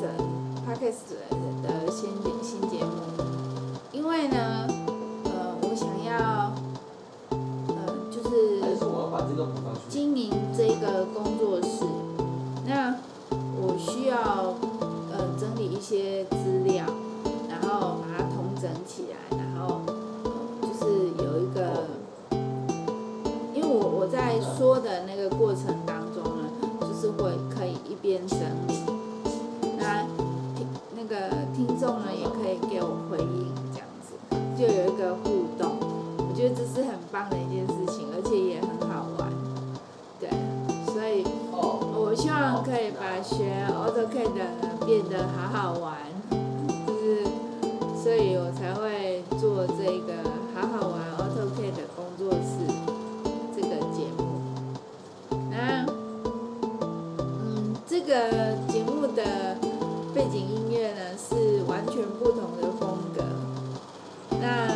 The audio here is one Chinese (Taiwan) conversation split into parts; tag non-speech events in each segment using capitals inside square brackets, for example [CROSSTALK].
的 podcast 的新新節目，因為呢，呃，我想要，呃，就是經營這個工作室，那我需要呃整理一些資料，然後把它統整起來，然後，呃，就是有一個，因為我我在說的那個過程當中呢，就是會可以一邊整。是很棒的一件事情，而且也很好玩，對，所以，我希望可以把學 AutoCAD 變得好好玩，就是，所以我才會做這個好好玩 AutoCAD 的工作室這個節目。那，嗯，這個節目的背景音樂呢，是完全不同的風格。那。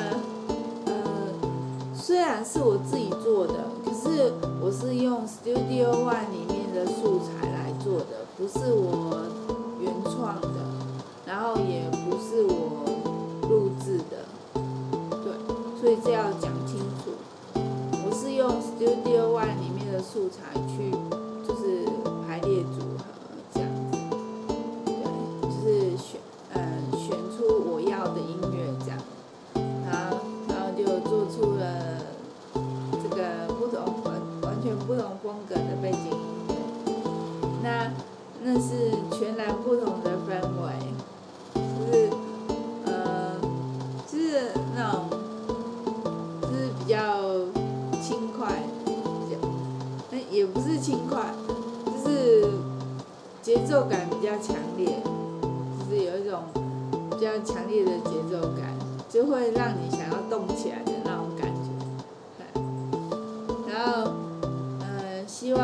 是我自己做的，可是我是用 Studio One 裡面的素材來做的，不是我原創的，然後也不是我錄製的，對，所以這要講清楚，我是用 Studio One 裡面的素材去。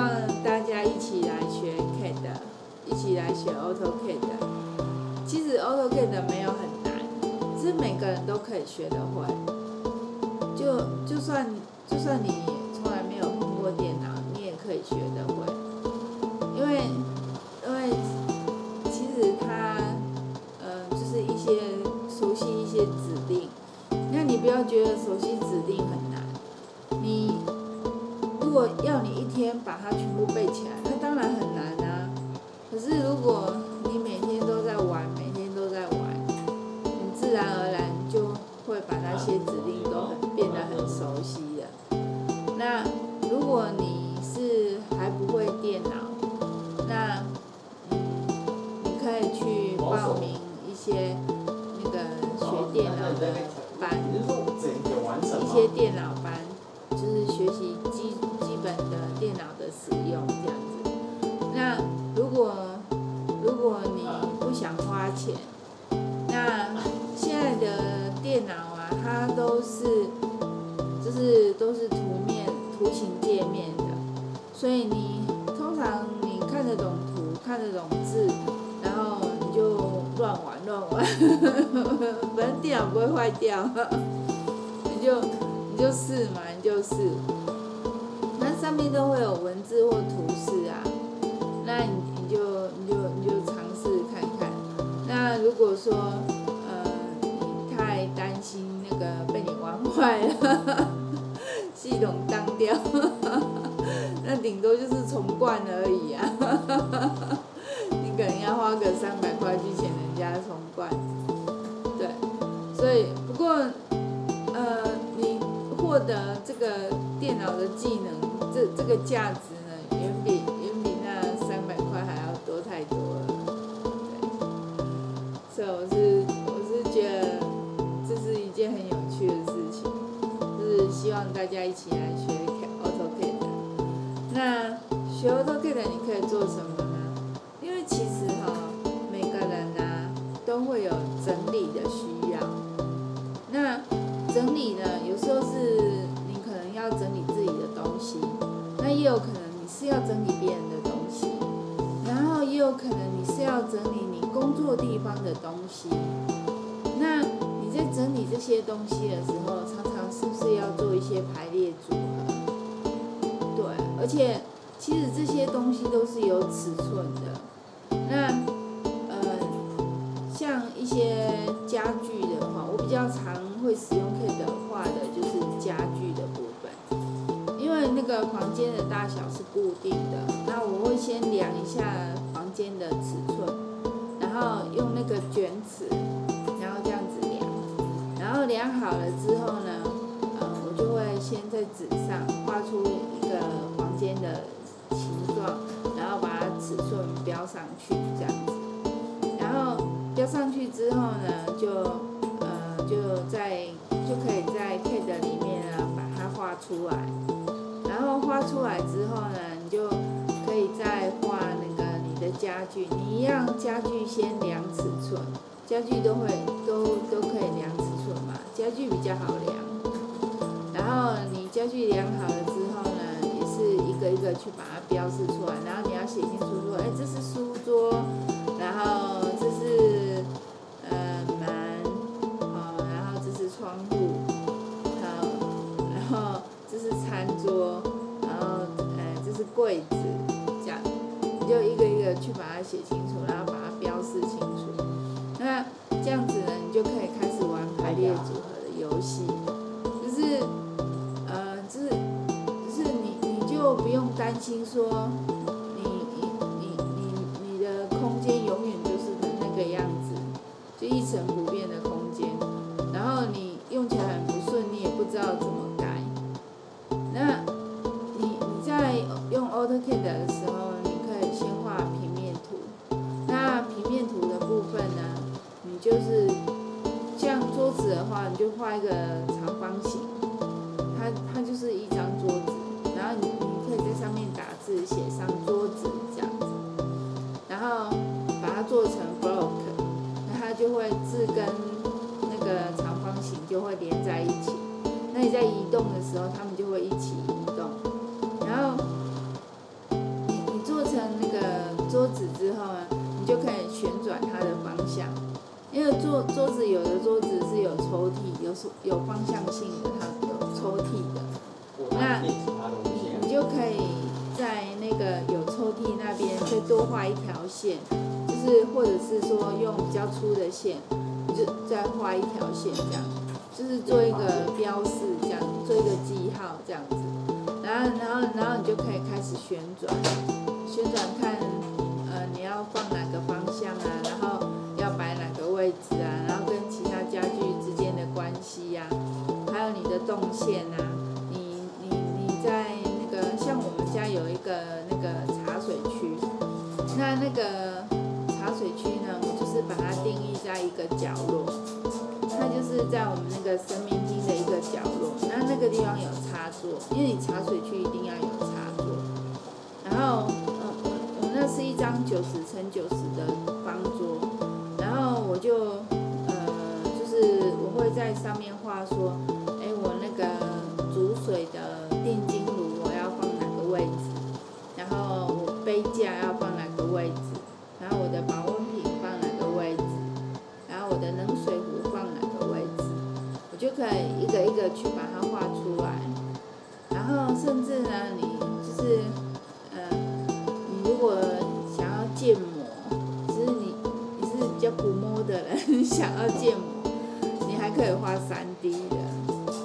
讓大家一起來學 CAD 的，一起來學 AutoCAD 的。其實 AutoCAD 沒有很難，只是每個人都可以學得會。就就算就算你從來沒有碰過電腦，你也可以學得會。因為因為其實它呃就是一些熟悉一些指令，那你不要覺得熟悉指令很難。天把它全部背起來，那當然很難啊。可是如果你每天都在玩，每天都在玩，你自然而然就會把那些指令都很變得很熟悉了。那如果你是還不會電腦，那、嗯、你可以去報名一些那個學電腦的班，嗯啊啊、一些電腦。使用，這樣子。那如果，如果你不想花錢，那現在的電腦啊，它都是，就是都是圖面、圖形界面的，所以你通常你看得懂圖，看得懂字，然後你就亂玩亂玩，反正 [LAUGHS] 電腦不會壞掉 [LAUGHS] 你，你就你就試嘛，你就試。上面都會有文字或圖示啊，那你就你就你就你就嘗試看看。那如果說呃你太擔心那個被你玩壞了呵呵，系統當掉，那頂多就是重灌而已啊。呵呵你可能要花個三百塊去請人家重灌。對，所以不過呃你獲得這個電腦的技能。這這個價值呢，遠比遠比那三百塊還要多太多了，對。所以我是我是覺得，這是一件很有趣的事情，就是希望大家一起來學 AutoCAD。那學 AutoCAD 你可以做什麼呢？因為其實哈、哦，每個人啊都會有整理的需要。那整理呢，有時候是。也有可能你是要整理別人的東西，然後也有可能你是要整理你工作地方的東西。那你在整理這些東西的時候，常常是不是要做一些排列組合？對，而且其實這些東西都是有尺寸的。那呃，像一些家具的話，我比較常會使用可以的。個房間的大小是固定的，那我會先量一下房間的尺寸，然後用那個捲尺，然後這樣子量，然後量好了之後呢，呃，我就會先在紙上畫出一個房間的形狀，然後把它尺寸標上去，這樣子，然後標上去之後呢，就呃就在就可以在 CAD 裡面啊把它畫出來。然後畫出來之後呢，你就可以再畫那個你的家具。你一樣家具先量尺寸，家具都會都都可以量尺寸嘛，家具比較好量。然後你家具量好了之後呢，也是一個一個去把它標示出來，然後你要。很普遍的空間，然後你用起來很不順，你也不知道怎麼改。那你你在用 AutoCAD 的時候，你可以先畫平面圖。那平面圖的部分呢，你就是像桌子的話，你就畫一個。時候它們就會一起移動。然後你做成那個桌子之後呢，你就可以旋轉它的方向，因為桌桌子有的桌子是有抽屜、有有方向性的，它有抽屜的。嗯、那、嗯、你就可以在那個有抽屜那邊再多畫一條線，就是或者是說用比較粗的線，你就再畫一條線這樣。就是做一個標示，這樣做一個記號，這樣子，然後然後然後你就可以開始旋轉，旋轉看，呃，你要放哪個方向啊，然後要擺哪個位置啊，然後跟其他家具之間的關係呀、啊，還有你的動線啊，你你你在那個像我們家有一個那個茶水區，那那個茶水區呢，我就是把它定義在一個角落。是在我們那個生命廳的一個角落，那那個地方有插座，因為你茶水區一定要有插座。然後，嗯，我們那是一張九十乘九十的方桌，然後我就，呃，就是我會在上面畫說，哎，我那個煮水的電金爐我要放哪個位置，然後我杯架要放哪個位置，然後我的保溫瓶放哪個位置，然後我的冷水壺。可以一個一個去把它畫出來，然後甚至呢，你就是呃，你如果你想要建模，就是你你是比較古摸的人，你想要建模，你還可以畫三 D 的，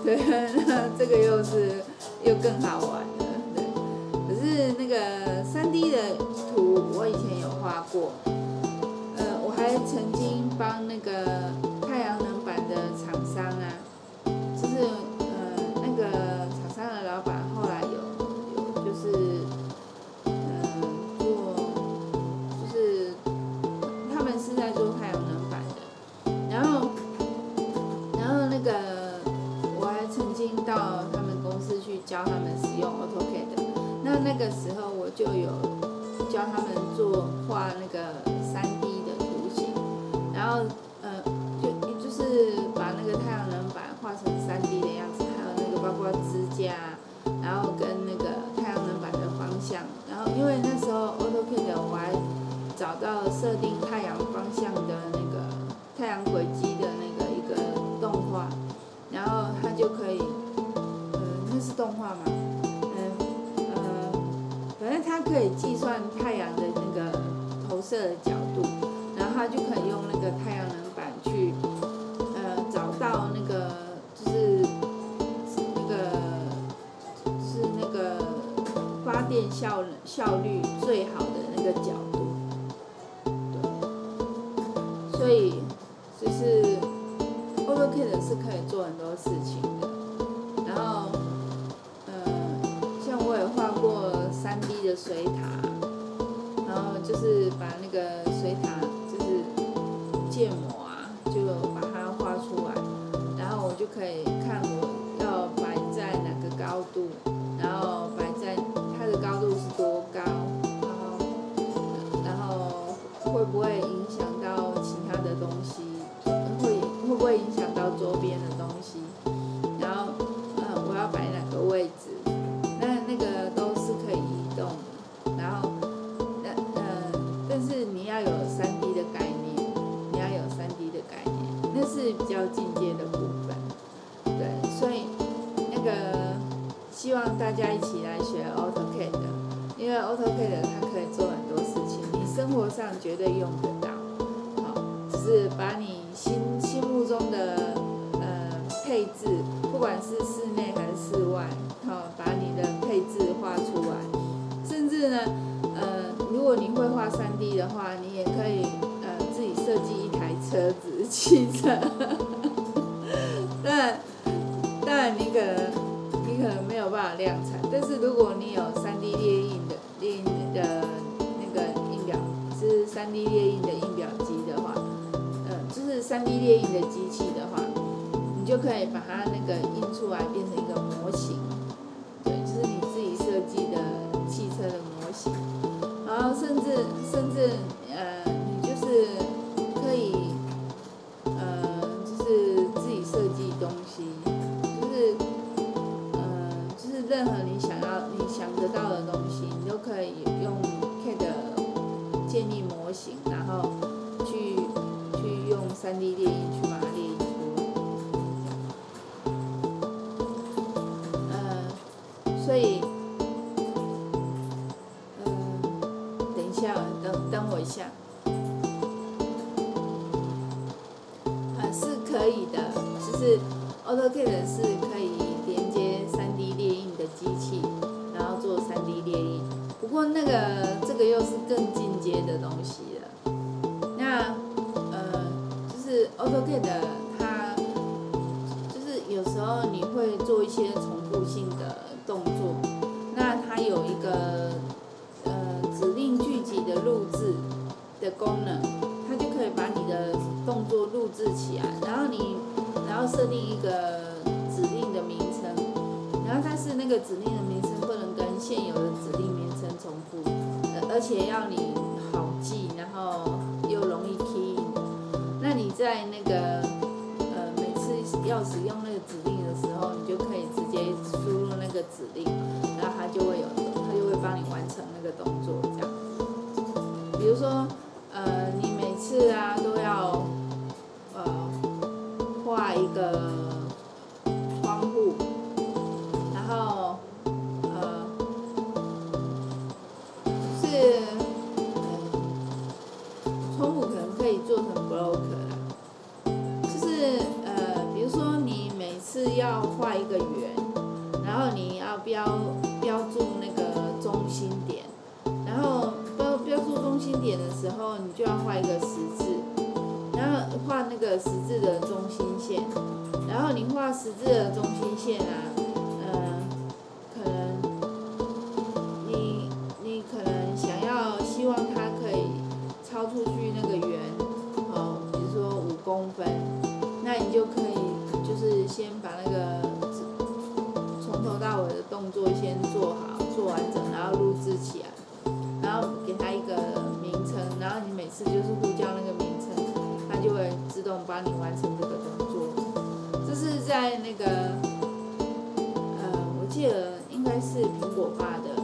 對，那這個又是又更好玩的，對。可是那個三 D 的圖我以前有畫過，呃，我還曾經幫那個太陽能板的廠商啊。就有教他們做畫那個三 D 的圖形，然後呃就就是把那個太陽能板畫成三 D 的樣子，還有那個包括支架，然後跟那個太陽能板的方向，然後因為那時候 AutoCAD 我還找到設定太陽方向的那個太陽軌跡的那個一個動畫，然後他就可以，嗯，那是動畫嗎？它可以計算太陽的那個投射的角度，然後它就可以用那個太陽能板去，呃，找到那個就是、是那個是那個發電效效率最好的那個角度。對，所以就是 AutoCAD 是可以做很多事情的。的水塔，然後就是把那個水塔就是建模啊，就把它畫出來，然後我就可以看我要擺在哪個高度，然後擺在它的高度是多高，然後、嗯、然後會不會影響到其他的東西，會會不會影響到周邊的東西，然後、嗯、我要擺哪個位置。大家一起來學 AutoCAD 的，因為 AutoCAD 它可以做很多事情，你生活上絕對用的。量產，但是如果你有 3D 列印的列印的那個印表，是 3D 列印的印表機的話，呃，就是 3D 列印的機器的話，你就可以把它那個印出來變成一個模型。所以，嗯，等一下，等等我一下，嗯，是可以的，就是 AutoCAD 是可以。設定一個指令的名稱，然後但是那個指令的名稱不能跟現有的指令名稱重複、呃，而且要你好記，然後又容易 key。那你在那個呃每次要使用那個指令的時候，你就可以直接輸入那個指令，然後它就會有它就會幫你完成那個動作這樣。比如說呃你每次啊。的窗戶，然後呃、就是、嗯、窗戶可能可以做成 block 啦，就是呃比如說你每次要畫一個圓，然後你要標標註那個中心點，然後標標註中心點的時候，你就要畫一個十字，然後畫那個十字的中心線，然後你畫十字的中心線啊。自動幫你完成這個動作，這是在那個，呃，我記得應該是蘋果發的。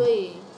對。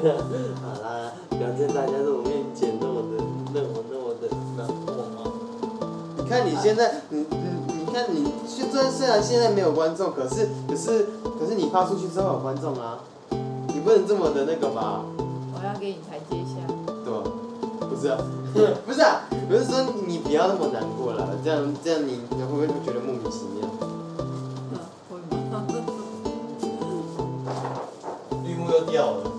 [LAUGHS] 好啦，感謝大家在我面前那麼的，那麼那麼的難過嗎？你看你現在，你你你看你，雖雖然現在沒有觀眾，可是可是可是你發出去之後有觀眾啊，你不能這麼的那個吧？我要給你台階下。對，不是啊， [LAUGHS] 不是啊，不是說你不要那麼難過了，這樣這樣你你會不會就覺得莫名其妙？會嗎？綠幕又掉了。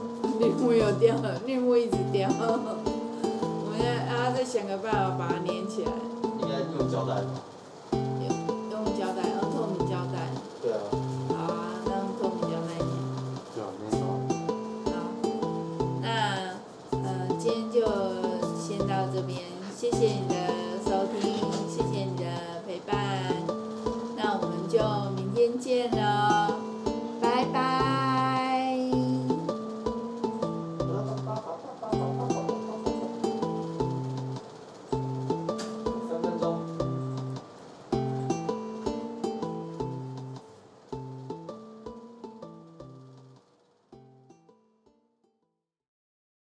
綠木有掉，綠木一直掉，我現在啊再想個辦法把它粘起來。應該用膠帶吧。